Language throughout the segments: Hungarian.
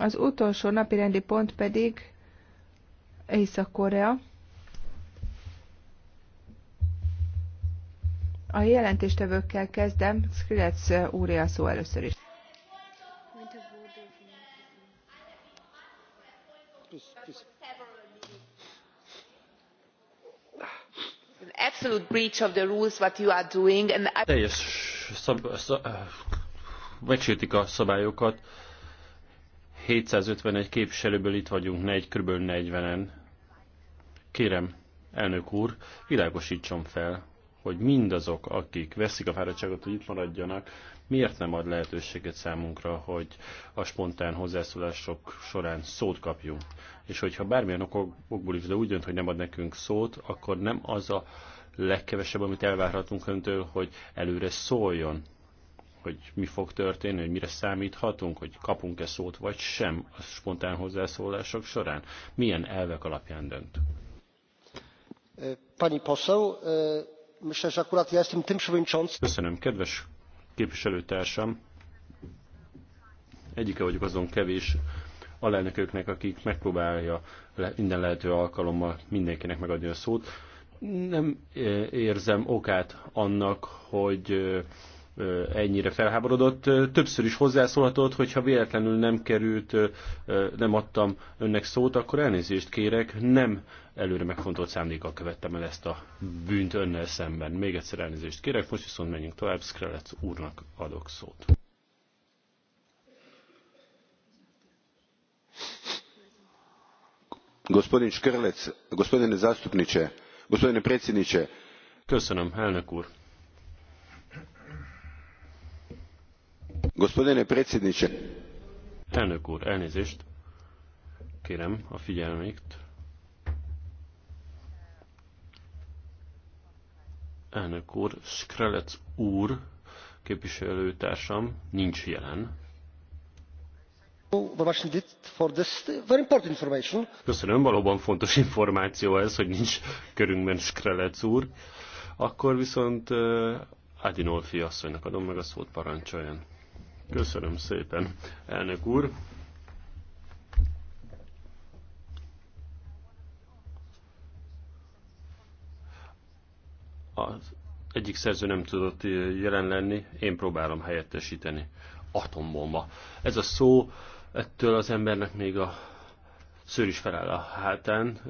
Az utolsó napi rendi pont pedig Észak-Korea. A jelentéstevőkkel kezdem, Skrilec úré a szó először is. Absolute breach of the rules what you are doing and teljes szab, szab, eh, megsértik a szabályokat 751 képviselőből itt vagyunk, negy, kb. 40-en. Kérem, elnök úr, világosítson fel, hogy mindazok, akik veszik a fáradtságot, hogy itt maradjanak, miért nem ad lehetőséget számunkra, hogy a spontán hozzászólások során szót kapjunk. És hogyha bármilyen okokból is, de úgy dönt, hogy nem ad nekünk szót, akkor nem az a legkevesebb, amit elvárhatunk öntől, hogy előre szóljon hogy mi fog történni, hogy mire számíthatunk, hogy kapunk-e szót vagy sem a spontán hozzászólások során? Milyen elvek alapján dönt? E, pani poseł, e, myślę, że akurat ja jestem tym przewodniczącym. Köszönöm, kedves képviselőtársam. Egyike vagyok azon kevés alelnököknek, akik megpróbálja minden lehető alkalommal mindenkinek megadni a szót. Nem e, érzem okát annak, hogy ennyire felháborodott. Többször is hozzászólhatott, hogyha véletlenül nem került, nem adtam önnek szót, akkor elnézést kérek, nem előre megfontolt szándékkal követtem el ezt a bűnt önnel szemben. Még egyszer elnézést kérek, most viszont menjünk tovább, Skrelec úrnak adok szót. Gospodin Škrlec, gospodine zastupniče, gospodine predsjedniče. Köszönöm, elnök úr Gospodine predsjedniče. Elnök úr, elnézést. Kérem a figyelmét. Elnök úr, Skrelec úr, képviselőtársam nincs jelen. Köszönöm, valóban fontos információ ez, hogy nincs körünkben Skrelec úr. Akkor viszont eh, Adinolfi asszonynak adom meg a szót, parancsoljon. Köszönöm szépen, elnök úr. Az egyik szerző nem tudott jelen lenni, én próbálom helyettesíteni. Atombomba. Ez a szó, ettől az embernek még a szőr is feláll a hátán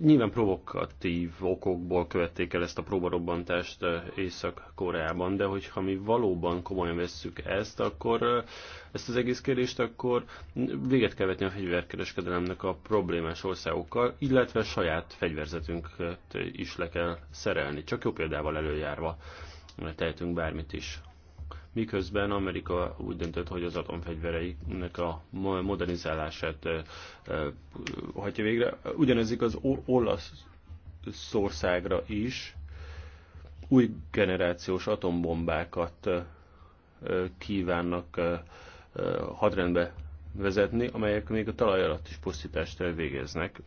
nyilván provokatív okokból követték el ezt a próbarobbantást eh, Észak-Koreában, de hogyha mi valóban komolyan vesszük ezt, akkor eh, ezt az egész kérdést, akkor véget kell vetni a fegyverkereskedelemnek a problémás országokkal, illetve saját fegyverzetünket is le kell szerelni, csak jó példával előjárva tehetünk bármit is miközben Amerika úgy döntött, hogy az atomfegyvereinek a modernizálását hagyja végre. Ugyanez az Olaszországra is új generációs atombombákat kívánnak hadrendbe vezetni, amelyek még a talaj alatt is pusztítást végeznek.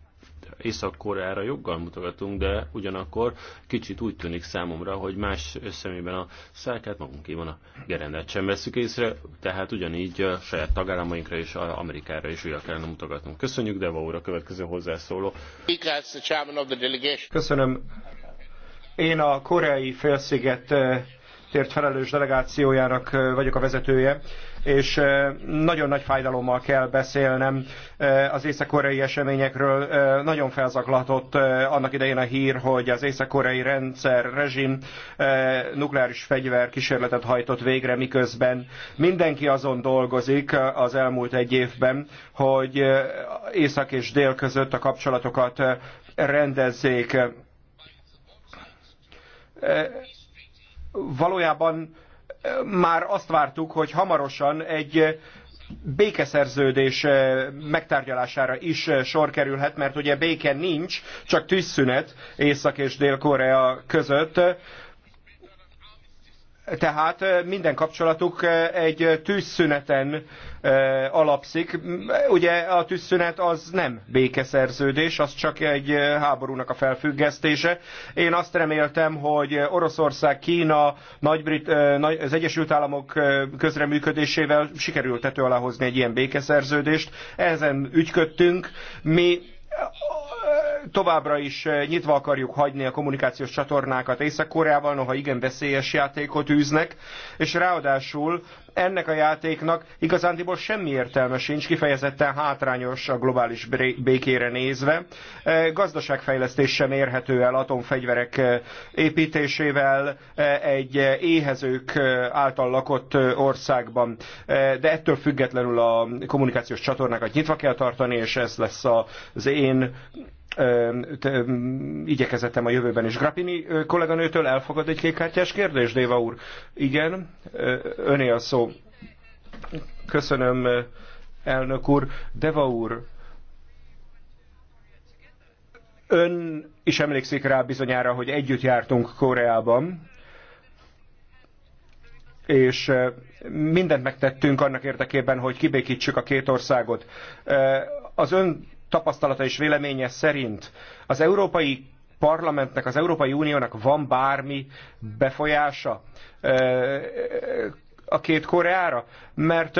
Észak-Koreára joggal mutogatunk, de ugyanakkor kicsit úgy tűnik számomra, hogy más szemében a szárkát magunkéban a gerendát sem veszük észre, tehát ugyanígy a saját tagállamainkra és a Amerikára is újra kellene mutogatnunk. Köszönjük, de úr, következő hozzászóló. Köszönöm. Én a koreai félsziget eh, tért felelős delegációjának eh, vagyok a vezetője és nagyon nagy fájdalommal kell beszélnem az észak-koreai eseményekről. Nagyon felzaklatott annak idején a hír, hogy az észak-koreai rendszer, rezsim nukleáris fegyver kísérletet hajtott végre, miközben mindenki azon dolgozik az elmúlt egy évben, hogy észak és dél között a kapcsolatokat rendezzék. Valójában már azt vártuk, hogy hamarosan egy békeszerződés eh, megtárgyalására is eh, sor kerülhet, mert ugye béke nincs, csak tűzszünet Észak és Dél-Korea között tehát minden kapcsolatuk egy tűzszüneten alapszik. Ugye a tűzszünet az nem békeszerződés, az csak egy háborúnak a felfüggesztése. Én azt reméltem, hogy Oroszország, Kína, Nagybrit, az Egyesült Államok közreműködésével sikerült tető alá hozni egy ilyen békeszerződést. Ezen ügyködtünk. Mi továbbra is eh, nyitva akarjuk hagyni a kommunikációs csatornákat Észak-Koreával, noha igen veszélyes játékot űznek, és ráadásul ennek a játéknak igazándiból semmi értelme sincs, kifejezetten hátrányos a globális békére nézve. Eh, gazdaságfejlesztés sem érhető el atomfegyverek eh, építésével egy éhezők által lakott országban, de ettől függetlenül a kommunikációs csatornákat nyitva kell tartani, és ez lesz az én igyekezetem a jövőben is. Grappini kolléganőtől elfogad egy kékkártyás kérdés, Déva úr? Igen, öné a szó. Köszönöm, elnök úr. Deva úr, ön is emlékszik rá bizonyára, hogy együtt jártunk Koreában, és mindent megtettünk annak érdekében, hogy kibékítsük a két országot. Az ön tapasztalata és véleménye szerint az Európai Parlamentnek, az Európai Uniónak van bármi befolyása a két Koreára? Mert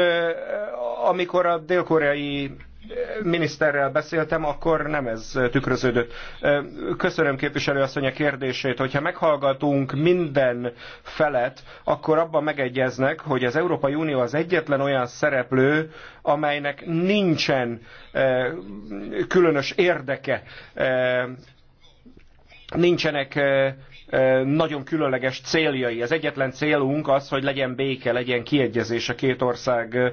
amikor a dél-koreai miniszterrel beszéltem, akkor nem ez tükröződött. Köszönöm képviselő asszony a kérdését, hogyha meghallgatunk minden felet, akkor abban megegyeznek, hogy az Európai Unió az egyetlen olyan szereplő, amelynek nincsen különös érdeke nincsenek nagyon különleges céljai. Az egyetlen célunk az, hogy legyen béke, legyen kiegyezés a két ország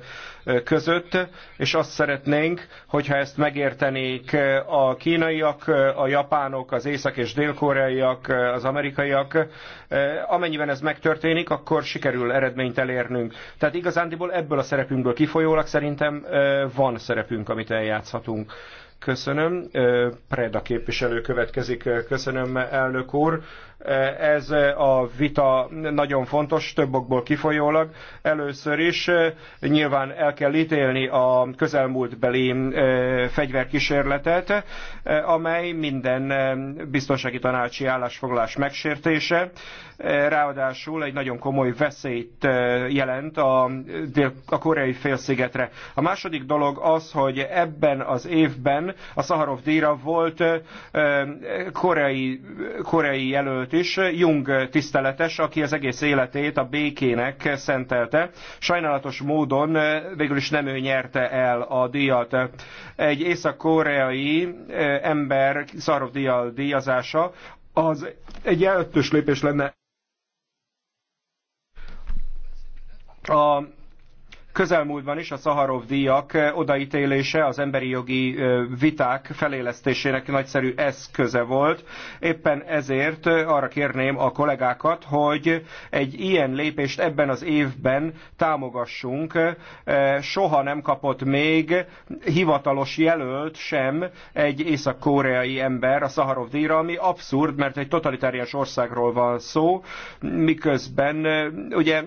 között, és azt szeretnénk, hogyha ezt megértenék a kínaiak, a japánok, az észak- és dél-koreaiak, az amerikaiak, amennyiben ez megtörténik, akkor sikerül eredményt elérnünk. Tehát igazándiból ebből a szerepünkből kifolyólag szerintem van szerepünk, amit eljátszhatunk. Köszönöm. Preda képviselő következik. Köszönöm, elnök úr. Ez a vita nagyon fontos, több okból kifolyólag. Először is eh, nyilván el kell ítélni a közelmúltbeli eh, fegyverkísérletet, eh, amely minden biztonsági tanácsi állásfoglalás megsértése. Ráadásul egy nagyon komoly veszélyt jelent a, a koreai félszigetre. A második dolog az, hogy ebben az évben a Szaharov díjra volt koreai, koreai jelölt előtt is, Jung tiszteletes, aki az egész életét a békének szentelte. Sajnálatos módon eh, végül is nem ő nyerte el a díjat. Egy észak-koreai eh, ember Szarov díjjal díjazása az egy ötös lépés lenne a Közelmúltban is a Szaharov díjak eh, odaítélése az emberi jogi eh, viták felélesztésének nagyszerű eszköze volt. Éppen ezért eh, arra kérném a kollégákat, hogy egy ilyen lépést ebben az évben támogassunk. Soha nem kapott még hivatalos jelölt sem egy észak-koreai ember a Szaharov díjra, ami abszurd, mert egy totalitáriás országról van szó, miközben ugye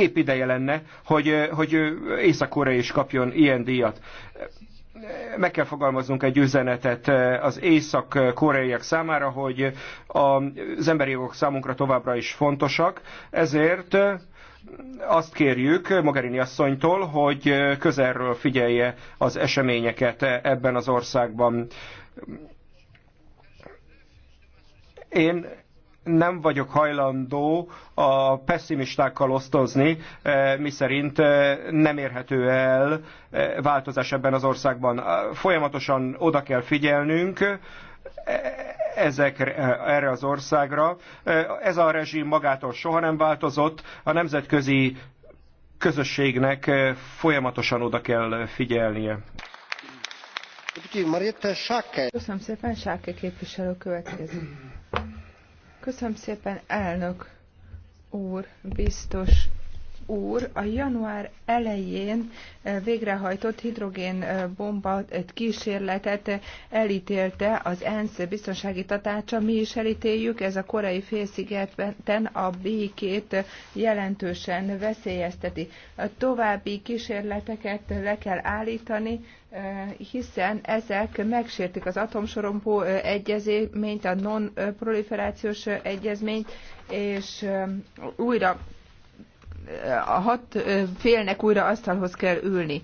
épp ideje lenne, hogy, hogy Észak-Korea is kapjon ilyen díjat meg kell fogalmaznunk egy üzenetet az észak-koreaiak számára, hogy az emberi jogok számunkra továbbra is fontosak, ezért azt kérjük Mogherini asszonytól, hogy közelről figyelje az eseményeket ebben az országban. Én nem vagyok hajlandó a pessimistákkal osztozni, eh, miszerint eh, nem érhető el eh, változás ebben az országban. Folyamatosan oda kell figyelnünk, ezekre, erre az országra. Ez a rezsim magától soha nem változott, a nemzetközi közösségnek folyamatosan oda kell figyelnie. Köszönöm szépen, Sáke képviselő következik. Köszönöm szépen, elnök úr, biztos úr a január elején eh, végrehajtott hidrogénbomba eh, eh, kísérletet elítélte az ENSZ biztonsági tatácsa. Mi is elítéljük, ez a korai félszigeten a békét jelentősen veszélyezteti. A további kísérleteket le kell állítani, hiszen ezek megsértik az atomsorompó egyezményt, a non-proliferációs egyezményt, és újra a hat félnek újra asztalhoz kell ülni.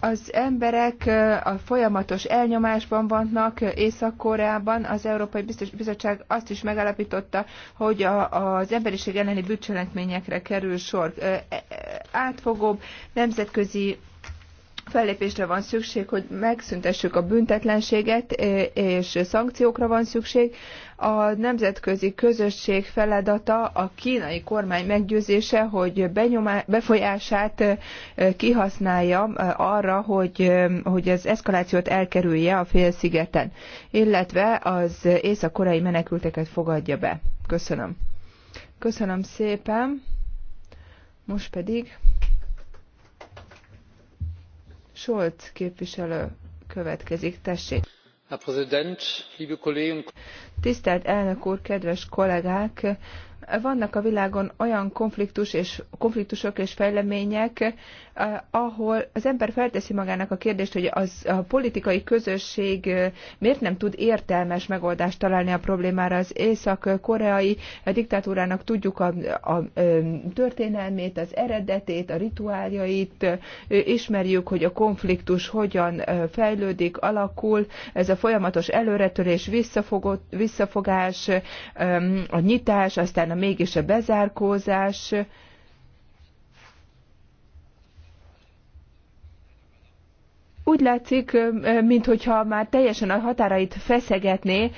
Az emberek a folyamatos elnyomásban vannak Észak-Koreában. Az Európai Bizottság azt is megállapította, hogy a, az emberiség elleni bűncselekményekre kerül sor. Átfogóbb nemzetközi fellépésre van szükség, hogy megszüntessük a büntetlenséget, és szankciókra van szükség. A nemzetközi közösség feladata a kínai kormány meggyőzése, hogy benyomá, befolyását kihasználja arra, hogy, hogy az eszkalációt elkerülje a félszigeten, illetve az észak-koreai menekülteket fogadja be. Köszönöm. Köszönöm szépen. Most pedig Scholz képviselő következik. Tessék! Herr Präsident, liebe Kollegen! Tisztelt elnök úr, kedves kollégák! Vannak a világon olyan konfliktus és, konfliktusok és fejlemények, eh, ahol az ember felteszi magának a kérdést, hogy az, a politikai közösség eh, miért nem tud értelmes megoldást találni a problémára. Az észak-koreai diktatúrának tudjuk a, a, a történelmét, az eredetét, a rituáljait, ismerjük, hogy a konfliktus hogyan fejlődik, alakul, ez a folyamatos előretörés, visszafogás, a nyitás, aztán a mégis a bezárkózás, úgy látszik, mintha már teljesen a határait feszegetné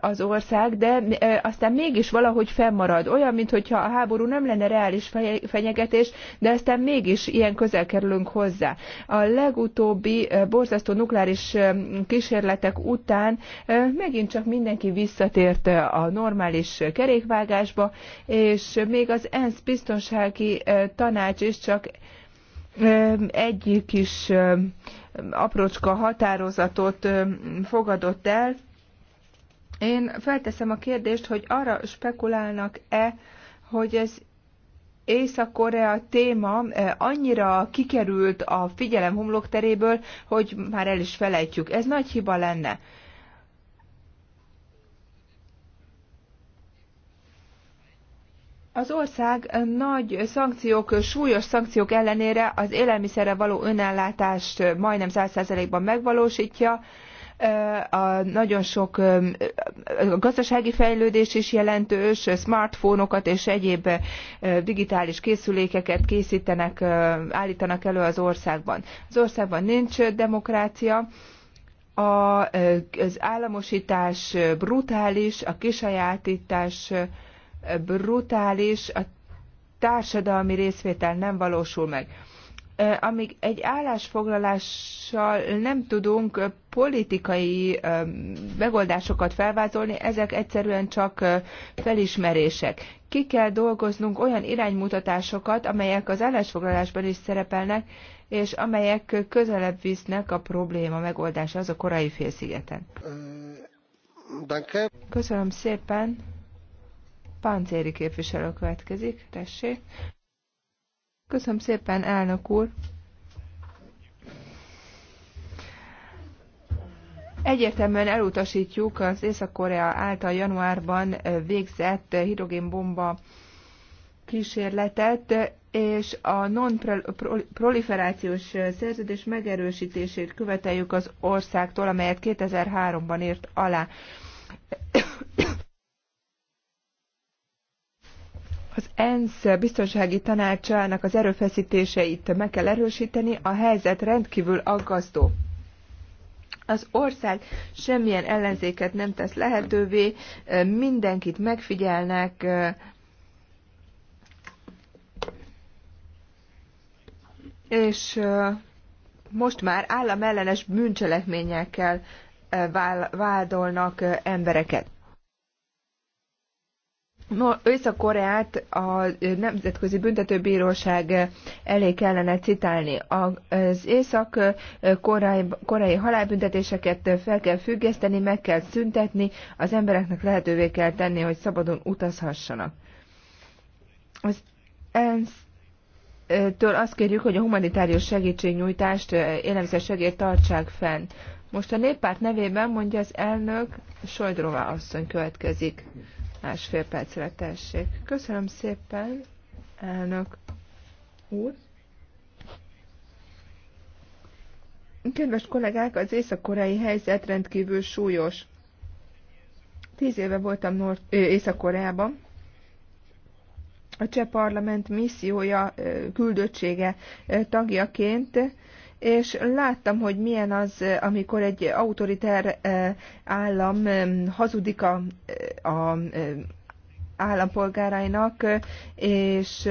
az ország, de aztán mégis valahogy fennmarad. Olyan, mintha a háború nem lenne reális fenyegetés, de aztán mégis ilyen közel kerülünk hozzá. A legutóbbi borzasztó nukleáris kísérletek után megint csak mindenki visszatért a normális kerékvágásba, és még az ENSZ biztonsági tanács is csak egyik is aprócska határozatot fogadott el. Én felteszem a kérdést, hogy arra spekulálnak-e, hogy ez Észak-Korea téma annyira kikerült a figyelem homlokteréből, hogy már el is felejtjük. Ez nagy hiba lenne. Az ország nagy szankciók, súlyos szankciók ellenére az élelmiszerre való önellátást majdnem 100%-ban megvalósítja. A nagyon sok a gazdasági fejlődés is jelentős, smartfónokat és egyéb e, digitális készülékeket készítenek, e, állítanak elő az országban. Az országban nincs demokrácia, a, e, az államosítás brutális, a kisajátítás brutális, a társadalmi részvétel nem valósul meg. Amíg egy állásfoglalással nem tudunk politikai megoldásokat felvázolni, ezek egyszerűen csak felismerések. Ki kell dolgoznunk olyan iránymutatásokat, amelyek az állásfoglalásban is szerepelnek, és amelyek közelebb visznek a probléma megoldása az a korai félszigeten. Köszönöm szépen! Páncéri képviselő következik, tessék. Köszönöm szépen, elnök úr. Egyértelműen elutasítjuk az Észak-Korea által januárban végzett hidrogénbomba kísérletet, és a non-proliferációs szerződés megerősítését követeljük az országtól, amelyet 2003-ban írt alá. Az ENSZ biztonsági tanácsának az erőfeszítéseit meg kell erősíteni, a helyzet rendkívül aggasztó. Az ország semmilyen ellenzéket nem tesz lehetővé, mindenkit megfigyelnek, és most már államellenes bűncselekményekkel vádolnak embereket. Észak-Koreát a Nemzetközi Büntetőbíróság elé kellene citálni. Az észak-koreai halálbüntetéseket fel kell függeszteni, meg kell szüntetni, az embereknek lehetővé kell tenni, hogy szabadon utazhassanak. Az ENSZ Től azt kérjük, hogy a humanitárius segítségnyújtást, élelmiszer segélyt tartsák fenn. Most a néppárt nevében mondja az elnök, Sojdrová asszony következik másfél percre tessék. Köszönöm szépen, elnök úr. Kedves kollégák, az észak-koreai helyzet rendkívül súlyos. Tíz éve voltam Nord- Észak-Koreában. A cseh parlament missziója, küldöttsége tagjaként és láttam, hogy milyen az, amikor egy autoriter eh, állam eh, hazudik a, eh, a állampolgárainak, és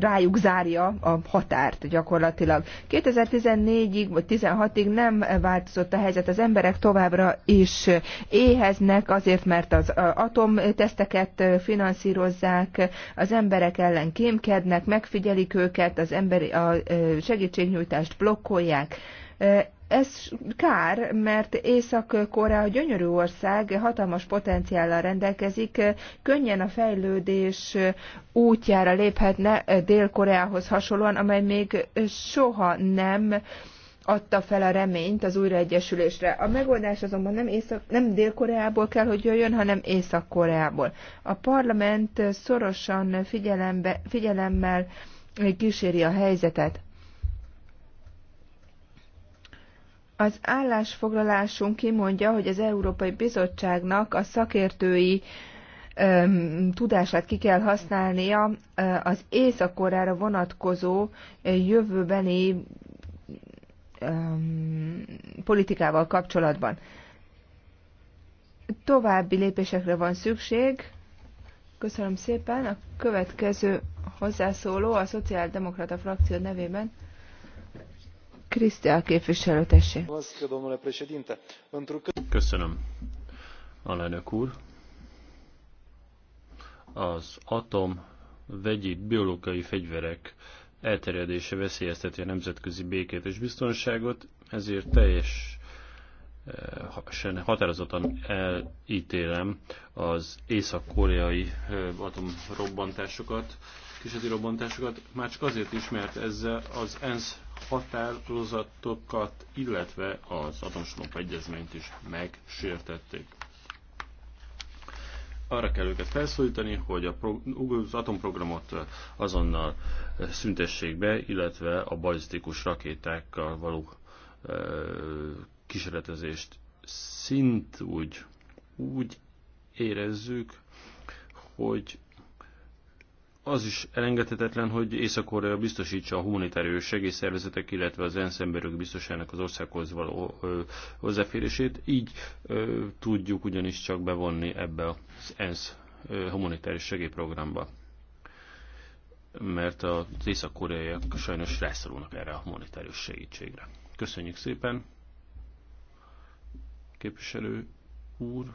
rájuk zárja a határt gyakorlatilag. 2014-ig vagy 16-ig nem változott a helyzet, az emberek továbbra is éheznek azért, mert az atomteszteket finanszírozzák, az emberek ellen kémkednek, megfigyelik őket, az emberi, a segítségnyújtást blokkolják ez kár, mert Észak-Korea gyönyörű ország, hatalmas potenciállal rendelkezik, könnyen a fejlődés útjára léphetne Dél-Koreához hasonlóan, amely még soha nem adta fel a reményt az újraegyesülésre. A megoldás azonban nem, Észak, nem Dél-Koreából kell, hogy jöjjön, hanem Észak-Koreából. A parlament szorosan figyelembe, figyelemmel kíséri a helyzetet. Az állásfoglalásunk kimondja, hogy az Európai Bizottságnak a szakértői tudását ki kell használnia az északkorára vonatkozó jövőbeni politikával kapcsolatban. További lépésekre van szükség. Köszönöm szépen. A következő hozzászóló a Szociáldemokrata frakció nevében Krisztiál képviselő, tessék. Köszönöm, alelnök úr. Az atom vegyi biológiai fegyverek elterjedése veszélyezteti a nemzetközi békét és biztonságot, ezért teljes eh, határozottan elítélem az észak-koreai eh, atomrobbantásokat, kísérleti robbantásokat, már csak azért is, mert ezzel az ENSZ határozatokat, illetve az atomsomok egyezményt is megsértették. Arra kell őket felszólítani, hogy a az atomprogramot azonnal szüntessék be, illetve a balisztikus rakétákkal való kísérletezést szint úgy, úgy érezzük, hogy az is elengedhetetlen, hogy Észak-Korea biztosítsa a humanitárius segélyszervezetek, illetve az ENSZ emberők biztosának az országhoz való hozzáférését. Így ö, tudjuk ugyanis csak bevonni ebbe az ENSZ humanitárius segélyprogramba. Mert az észak-koreaiak sajnos rászorulnak erre a humanitárius segítségre. Köszönjük szépen, képviselő úr.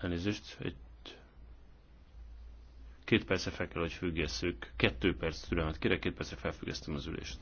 Elnézést, egy Két perce fel kell, hogy függesszük. Kettő perc türelmet kérek, két perce felfüggesztem az ülést.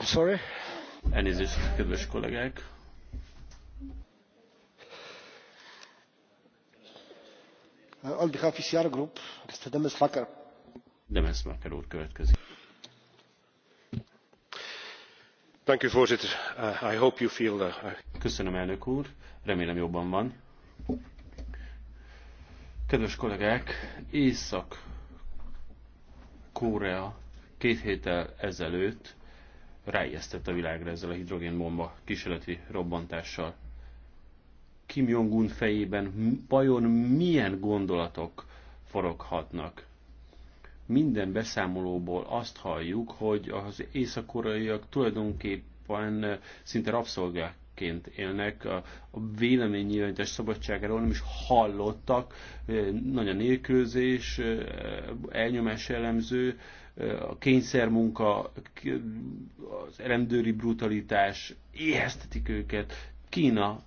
I'm sorry. Elnézést, kedves kollégák. On behalf of CR Group, Mr. Demes Demesmaker úr következik. Thank you, voorzitter. Uh, I hope you feel... Uh, Köszönöm, elnök úr. Remélem jobban van. Kedves kollégák, Észak-Korea két héttel ezelőtt ráijesztett a világra ezzel a hidrogénbomba kísérleti robbantással. Kim Jong-un fejében vajon milyen gondolatok foroghatnak? Minden beszámolóból azt halljuk, hogy az észak-koreaiak tulajdonképpen szinte rabszolgák élnek, a, a véleménynyilvánítás szabadságáról nem is hallottak, nagy a nélkülözés, elnyomás jellemző, a kényszermunka, az rendőri brutalitás éheztetik őket. Kína,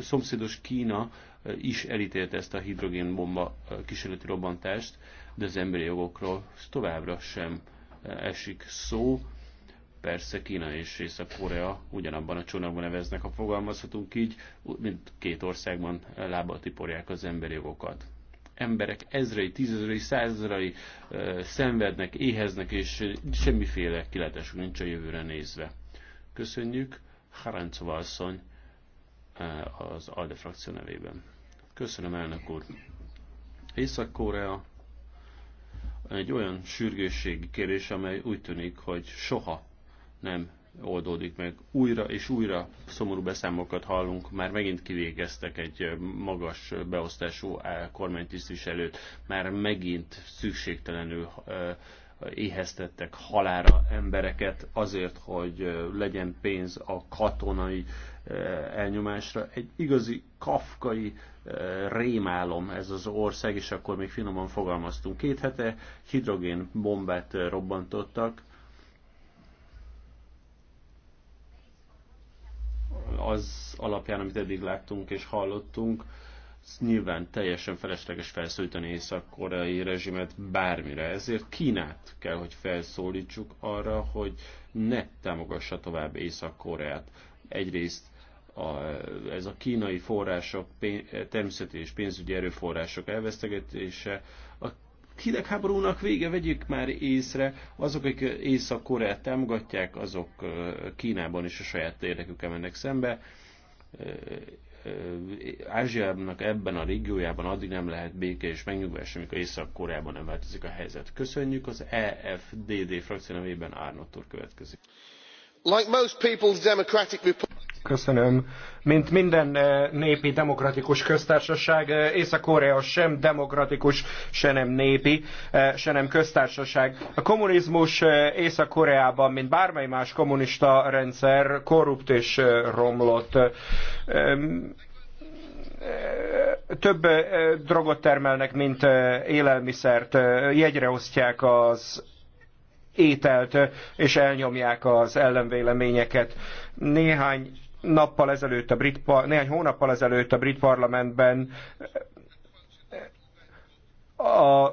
szomszédos Kína is elítélte ezt a hidrogénbomba kísérleti robbantást, de az emberi jogokról továbbra sem esik szó. Persze Kína és Észak-Korea ugyanabban a csónakban neveznek, ha fogalmazhatunk így, mint két országban lába tiporják az emberi jogokat emberek ezrei, tízezrei, százezrei szenvednek, éheznek, és semmiféle kiletesünk nincs a jövőre nézve. Köszönjük, Harancova asszony az ALDE frakció nevében. Köszönöm, elnök úr. Észak-Korea egy olyan sürgősségi kérdés, amely úgy tűnik, hogy soha nem oldódik meg. Újra és újra szomorú beszámokat hallunk, már megint kivégeztek egy magas beosztású eh, kormánytisztviselőt, már megint szükségtelenül eh, éheztettek halára embereket azért, hogy eh, legyen pénz a katonai elnyomásra. Egy igazi kafkai rémálom ez az ország, és akkor még finoman fogalmaztunk. Két hete hidrogén bombát robbantottak, az alapján, amit eddig láttunk és hallottunk, nyilván teljesen felesleges felszólítani észak-koreai rezsimet bármire. Ezért Kínát kell, hogy felszólítsuk arra, hogy ne támogassa tovább Észak-Koreát. Egyrészt a, ez a kínai források, pénz, természeti és pénzügyi erőforrások elvesztegetése, hidegháborúnak vége, vegyék már észre, azok, akik Észak-Koreát támogatják, azok Kínában is a saját érdekükkel mennek szembe. Ázsiának ebben a régiójában addig nem lehet béke és megnyugvás, amikor Észak-Koreában nem változik a helyzet. Köszönjük, az EFDD frakció nevében Árnott úr következik. Like most people's democratic Köszönöm. Mint minden eh, népi demokratikus köztársaság, eh, Észak-Korea sem demokratikus, se nem népi, eh, se nem köztársaság. A kommunizmus Észak-Koreában, mint bármely más kommunista rendszer, korrupt és romlott több drogot termelnek, mint élelmiszert, jegyre osztják az ételt, és elnyomják az ellenvéleményeket. Néhány nappal ezelőtt a brit, néhány hónappal ezelőtt a brit parlamentben a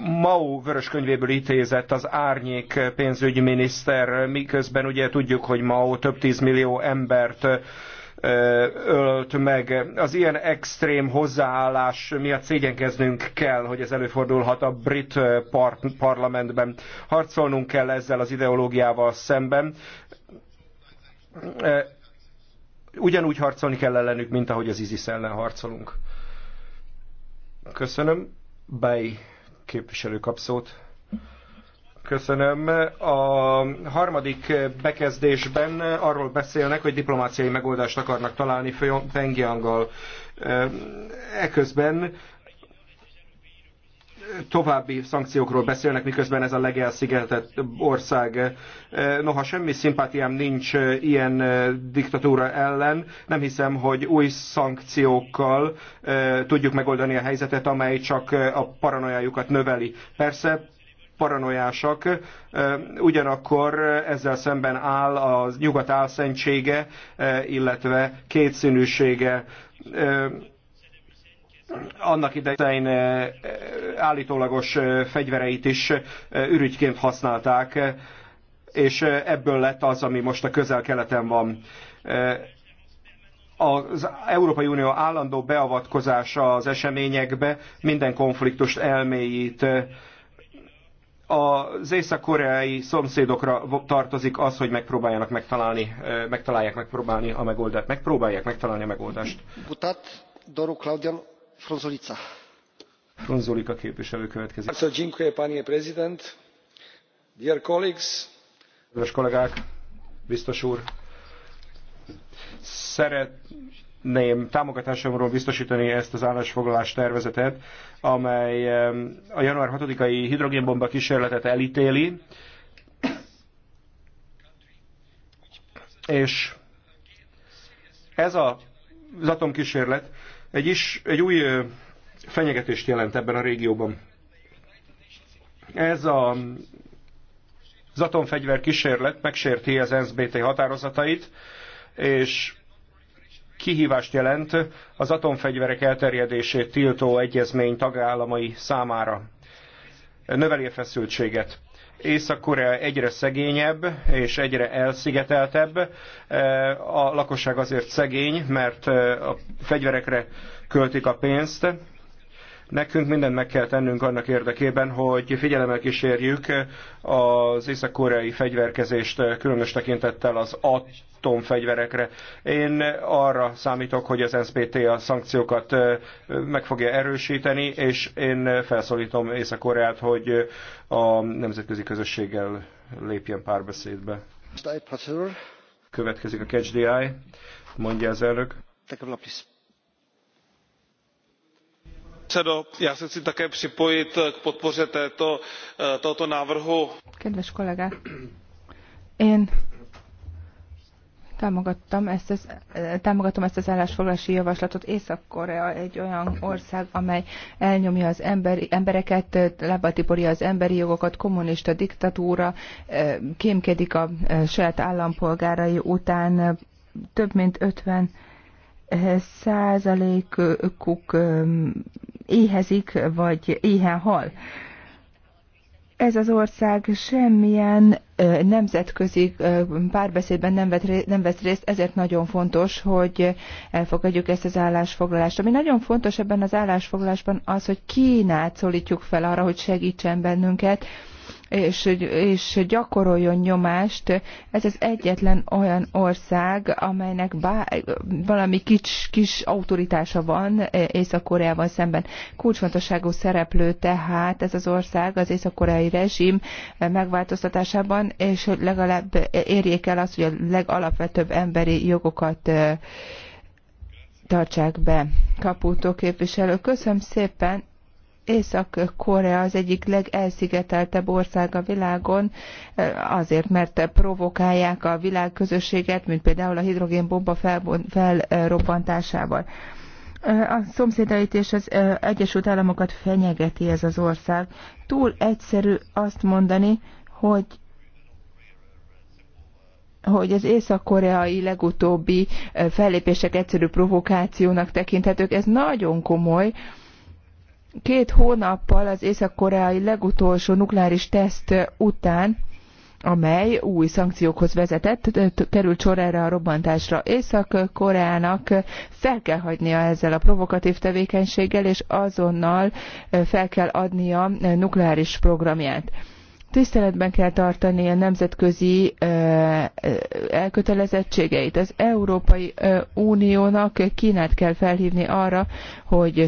Mao könyvéből ítézett az árnyék pénzügyminiszter, miközben ugye tudjuk, hogy Mao több tízmillió embert ölt meg. Az ilyen extrém hozzáállás miatt szégyenkeznünk kell, hogy ez előfordulhat a brit par parlamentben. Harcolnunk kell ezzel az ideológiával szemben ugyanúgy harcolni kell ellenük, mint ahogy az ISIS ellen harcolunk. Köszönöm. Bej képviselő kapszót. Köszönöm. A harmadik bekezdésben arról beszélnek, hogy diplomáciai megoldást akarnak találni Pengyanggal. Eközben további szankciókról beszélnek, miközben ez a legelszigetett ország. Noha semmi szimpátiám nincs ilyen diktatúra ellen, nem hiszem, hogy új szankciókkal eh, tudjuk megoldani a helyzetet, amely csak eh, a paranoiájukat növeli. Persze paranoiásak, eh, ugyanakkor ezzel szemben áll a nyugat álszentsége, illetve kétszínűsége annak idején állítólagos fegyvereit is ürügyként használták, és ebből lett az, ami most a közel-keleten van az Európai Unió állandó beavatkozása az eseményekbe minden konfliktust elmélyít. Az észak-koreai szomszédokra tartozik az, hogy megpróbáljanak megtalálni, megtalálják megpróbálni a megoldást. Megpróbálják megtalálni a megoldást. Butat, Doru Claudian, Fronzulica. Fronzulika képviselő következik. Dear colleagues. Kedves kollégák, biztos úr, szeretném támogatásomról biztosítani ezt az állásfoglalás tervezetet, amely a január 6-ai hidrogénbomba kísérletet elítéli, és ez a, az atomkísérlet egy, is, egy új fenyegetést jelent ebben a régióban. Ez a az atomfegyver kísérlet megsérti az NSBT határozatait, és kihívást jelent az atomfegyverek elterjedését tiltó egyezmény tagállamai számára. Növeli a feszültséget. Észak-Korea egyre szegényebb és egyre elszigeteltebb. E, a lakosság azért szegény, mert e, a fegyverekre költik a pénzt, Nekünk mindent meg kell tennünk annak érdekében, hogy figyelemmel kísérjük az észak-koreai fegyverkezést, különös tekintettel az atomfegyverekre. Én arra számítok, hogy az NSPT a szankciókat meg fogja erősíteni, és én felszólítom Észak-Koreát, hogy a nemzetközi közösséggel lépjen párbeszédbe. Következik a Catch the Eye, mondja az elnök. Take a já se chci také připojit k podpoře eh, tohoto návrhu. Kedves én támogattam ezt, az, eh, támogatom ezt az állásfoglalási javaslatot. Észak-Korea egy olyan ország, amely elnyomja az emberi, embereket, eh, lebatiporja az emberi jogokat, kommunista diktatúra, kémkedik a saját állampolgárai után több mint 50 százalékuk éhezik, vagy éhen hal. Ez az ország semmilyen nemzetközi párbeszédben nem, nem vesz részt, ezért nagyon fontos, hogy elfogadjuk ezt az állásfoglalást. Ami nagyon fontos ebben az állásfoglalásban az, hogy Kínát szólítjuk fel arra, hogy segítsen bennünket, és, és gyakoroljon nyomást. Ez az egyetlen olyan ország, amelynek bá, valami kis, kis autoritása van Észak-Koreával szemben. Kulcsfontosságú szereplő tehát ez az ország az észak-koreai rezsim megváltoztatásában, és hogy legalább érjék el azt, hogy a legalapvetőbb emberi jogokat tartsák be. Kaputó képviselő, köszönöm szépen. Észak-Korea az egyik legelszigeteltebb ország a világon, azért, mert provokálják a világközösséget, mint például a hidrogénbomba felrobbantásával. A szomszédait és az Egyesült Államokat fenyegeti ez az ország. Túl egyszerű azt mondani, hogy hogy az észak-koreai legutóbbi fellépések egyszerű provokációnak tekinthetők. Ez nagyon komoly. Két hónappal az észak-koreai legutolsó nukleáris teszt után amely új szankciókhoz vezetett, került sor erre a robbantásra. Észak-Koreának fel kell hagynia ezzel a provokatív tevékenységgel, és azonnal fel kell adnia nukleáris programját tiszteletben kell tartani a nemzetközi elkötelezettségeit. Az Európai Uniónak Kínát kell felhívni arra, hogy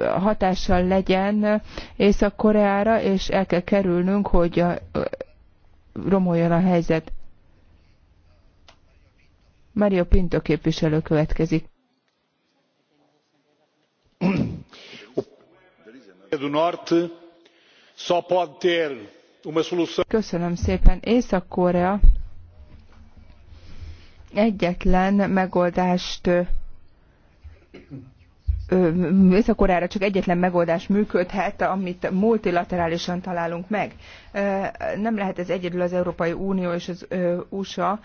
hatással legyen Észak-Koreára, és el kell kerülnünk, hogy a, romoljon a helyzet. Mario Pinto képviselő következik. do norte só pode ter Köszönöm szépen. Észak-Korea egyetlen megoldást Észak-Koreára csak egyetlen megoldás működhet, amit multilaterálisan találunk meg. Nem lehet ez egyedül az Európai Unió és az USA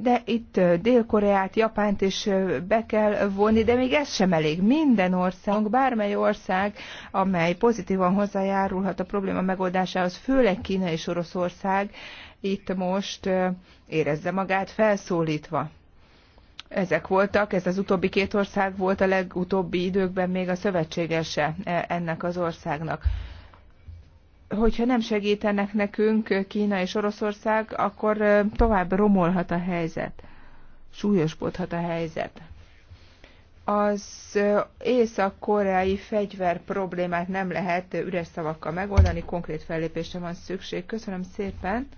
de itt Dél-Koreát, Japánt is be kell vonni, de még ez sem elég. Minden ország, bármely ország, amely pozitívan hozzájárulhat a probléma megoldásához, főleg Kína és Oroszország, itt most érezze magát felszólítva. Ezek voltak, ez az utóbbi két ország volt a legutóbbi időkben még a szövetségese e, ennek az országnak hogyha nem segítenek nekünk Kína és Oroszország, akkor tovább romolhat a helyzet, súlyosbodhat a helyzet. Az észak-koreai fegyver problémát nem lehet üres szavakkal megoldani, konkrét fellépésre van szükség. Köszönöm szépen.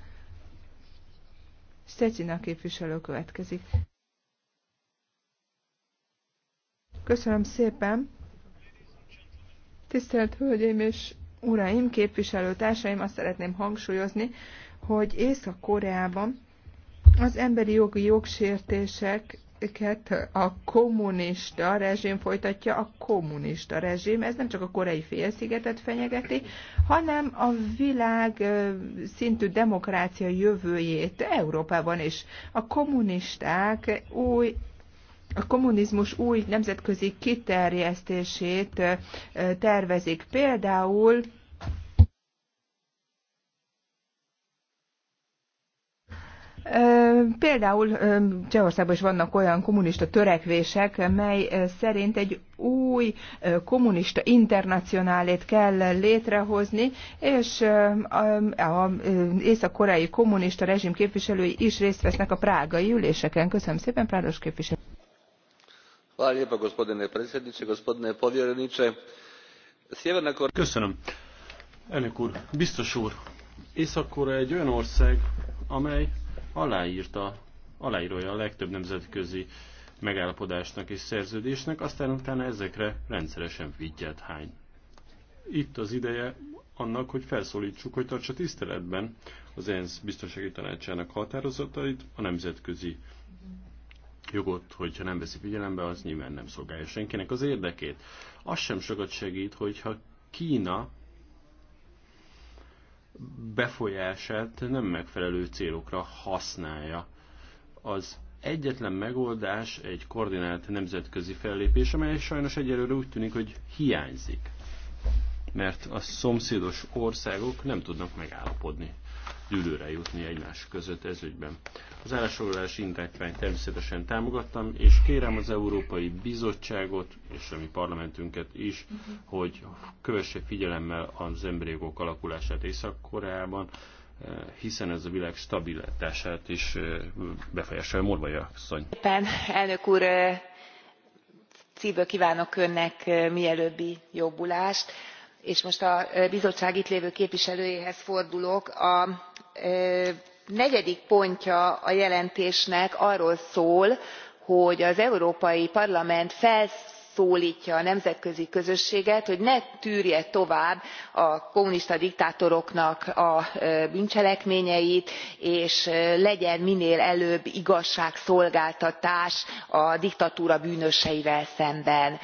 Szecina képviselő következik. Köszönöm szépen. Tisztelt Hölgyeim és uraim, képviselőtársaim, azt szeretném hangsúlyozni, hogy Észak-Koreában az emberi jogi jogsértések a kommunista rezsim folytatja, a kommunista rezsim. Ez nem csak a koreai félszigetet fenyegeti, hanem a világ szintű demokrácia jövőjét Európában is. A kommunisták új a kommunizmus új nemzetközi kiterjesztését tervezik. Például Például Csehországban is vannak olyan kommunista törekvések, mely szerint egy új kommunista internacionálét kell létrehozni, és az észak-koreai kommunista rezsim képviselői is részt vesznek a prágai üléseken. Köszönöm szépen, Prádos képviselő gospodine predsjedniče gospodine povjereniče sjeverna elnök úr biztos úr észak korea egy olyan ország amely aláírta aláírója a legtöbb nemzetközi megállapodásnak és szerződésnek aztán utána ezekre rendszeresen fittyet hány. Itt az ideje annak, hogy felszóltsuk hogy tartsa tiszteletben az ENSZ biztonsági tanácsának határozatait, a nemzetközi jogot, hogyha nem veszi figyelembe, az nyilván nem szolgálja senkinek az érdekét. Az sem sokat segít, hogyha Kína befolyását nem megfelelő célokra használja. Az egyetlen megoldás egy koordinált nemzetközi fellépés, amely sajnos egyelőre úgy tűnik, hogy hiányzik. Mert a szomszédos országok nem tudnak megállapodni dűlőre jutni egymás között ez ügyben. Az állásfoglalási indítványt természetesen támogattam, és kérem az Európai Bizottságot és a mi parlamentünket is, uh -huh. hogy kövesse figyelemmel az emberi jogok alakulását Észak-Koreában, eh, hiszen ez a világ stabilitását is eh, befolyásolja. Morvai asszony. Éppen, elnök úr, eh, szívből kívánok önnek mielőbbi jobbulást és most a bizottság itt lévő képviselőjéhez fordulok a negyedik pontja a jelentésnek arról szól hogy az európai parlament felszóltja a nemzetközi közösséget hogy ne tűrje tovább a kommunista diktátoroknak a bűncselekményeit és legyen minél előbb igazságszolgáltatás a diktatúra bűnöseivel szemben.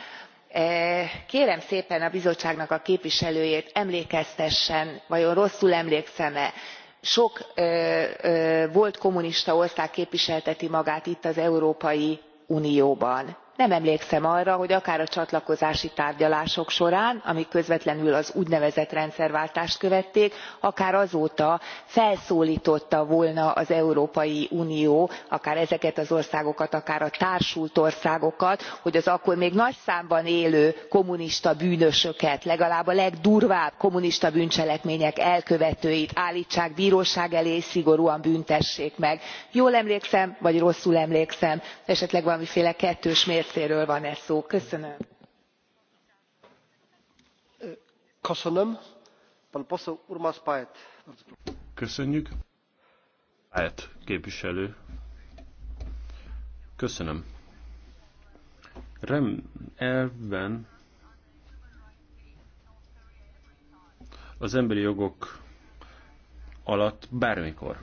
kérem szépen a bizottságnak a képviselőjét emlékeztessen vajon rosszul emlékszem e sok volt kommunista ország képviselteti magát itt az európai unióban nem emlékszem arra hogy akár a csatlakozási tárgyalások során amik közvetlenül az úgynevezett rendszerváltást követték akár azóta felszóltotta volna az európai unió akár ezeket az országokat akár a társult országokat hogy az akkor még nagy számban élő kommunista bűnösöket legalább a legdurvább kommunista bűncselekmények elkövetőit álltsák bróság elé és szigorúan büntessék meg. jól emlékszem vagy rosszul emlékszem? esetleg valamiféle kettős részéről van e szó. köszönöm. köszönjük. Pajt képviselő. Köszönöm. Rem elvben az emberi jogok alatt bármikor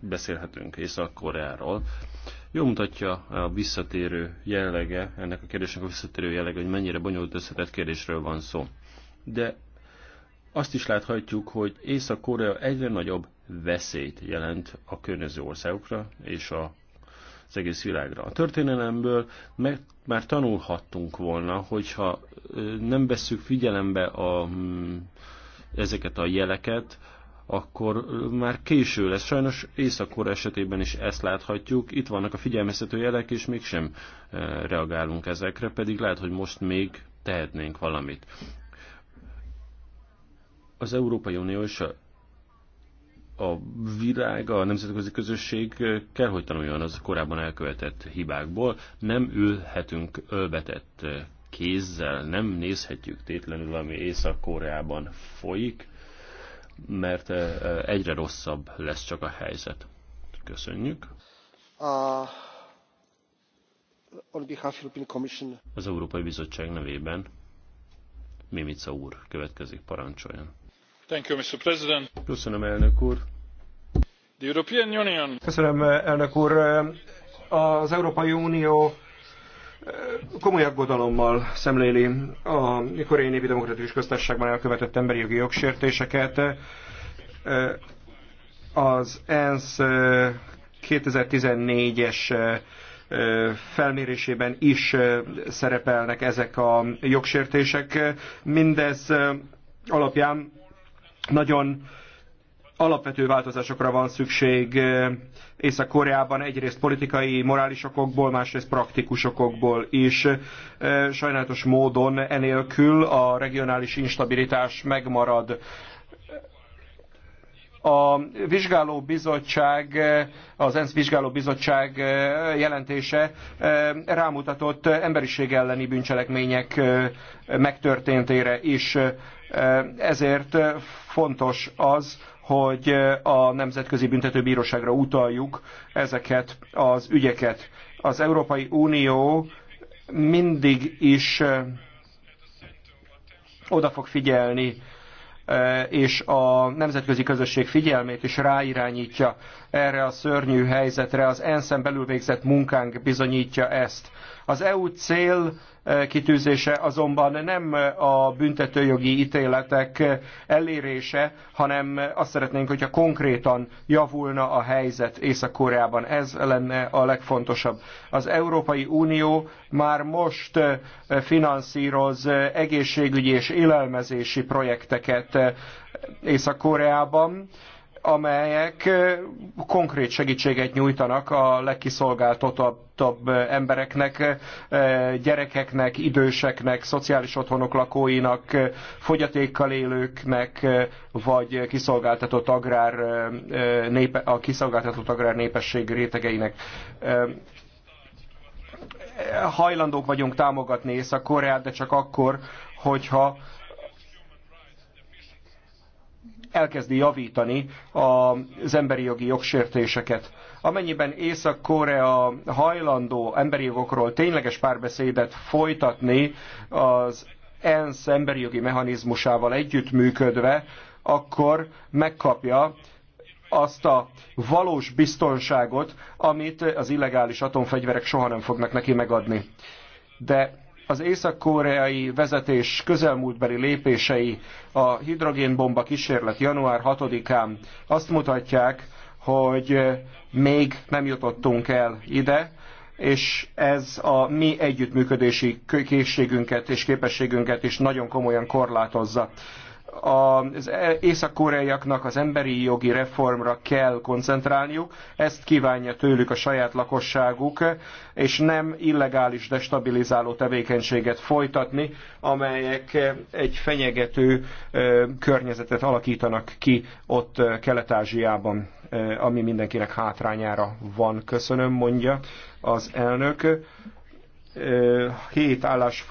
beszélhetünk Észak-Koreáról. Jó mutatja a visszatérő jellege, ennek a kérdésnek a visszatérő jellege, hogy mennyire bonyolult összetett kérdésről van szó. De azt is láthatjuk, hogy Észak-Korea egyre nagyobb veszélyt jelent a környező országokra és a az egész világra. A történelemből meg már tanulhattunk volna, hogyha nem vesszük figyelembe a, mm, ezeket a jeleket, akkor már késő lesz. Sajnos észak esetében is ezt láthatjuk. Itt vannak a figyelmeztető jelek, és mégsem reagálunk ezekre, pedig lehet, hogy most még tehetnénk valamit. Az Európai Unió és a a világ, a nemzetközi közösség kell, hogy tanuljon az korábban elkövetett hibákból. Nem ülhetünk ölbetett kézzel, nem nézhetjük tétlenül, ami Észak-Koreában folyik mert egyre rosszabb lesz csak a helyzet. Köszönjük. Az Európai Bizottság nevében Mimica úr következik, parancsoljon. Thank you, Mr. President. Köszönöm, elnök úr. The European Union. Köszönöm, elnök úr. Az Európai Unió komoly aggodalommal szemléli a koreai népi demokratikus köztársaságban elkövetett emberi jogi jogsértéseket. Az ENSZ 2014-es eh, eh, felmérésében is eh, szerepelnek ezek a jogsértések. Mindez alapján nagyon alapvető változásokra van szükség Észak-Koreában egyrészt politikai, morális okokból, másrészt praktikus okokból is. Sajnálatos módon enélkül a regionális instabilitás megmarad. A vizsgáló bizottság, az ENSZ vizsgáló bizottság jelentése rámutatott emberiség elleni bűncselekmények megtörténtére is. Ezért fontos az, hogy eh, a Nemzetközi Büntetőbíróságra utaljuk ezeket az ügyeket. Az Európai Unió mindig is eh, oda fog figyelni eh, és a nemzetközi közösség figyelmét is ráirányítja erre a szörnyű helyzetre. Az ENSZ-en belül végzett munkánk bizonyítja ezt. Az EU cél eh, kitűzése azonban nem eh, a büntetőjogi ítéletek eh, elérése, hanem azt szeretnénk, hogyha konkrétan javulna a helyzet Észak-Koreában. Ez lenne a legfontosabb. Az Európai Unió már most finanszíroz egészségügyi és élelmezési projekteket Észak-Koreában amelyek konkrét segítséget nyújtanak a legkiszolgáltatottabb embereknek, gyerekeknek, időseknek, szociális otthonok lakóinak, fogyatékkal élőknek, vagy kiszolgáltatott agrár, népe, a kiszolgáltatott agrár népesség rétegeinek hajlandók vagyunk támogatni Észak-Koreát, de csak akkor, hogyha elkezdi javítani az emberi jogi jogsértéseket. Amennyiben Észak-Korea hajlandó emberi jogokról tényleges párbeszédet folytatni az ENSZ emberi jogi mechanizmusával együttműködve, akkor megkapja azt a valós biztonságot, amit az illegális atomfegyverek soha nem fognak neki megadni. De az észak-koreai vezetés közelmúltbeli lépései a hidrogénbomba kísérlet január 6-án azt mutatják, hogy még nem jutottunk el ide, és ez a mi együttműködési készségünket és képességünket is nagyon komolyan korlátozza az észak-koreaiaknak az emberi jogi reformra kell koncentrálniuk, ezt kívánja tőlük a saját lakosságuk, és nem illegális destabilizáló tevékenységet folytatni, amelyek egy fenyegető környezetet alakítanak ki ott Kelet-Ázsiában, ami mindenkinek hátrányára van. Köszönöm, mondja az elnök. Hét állásfoglalás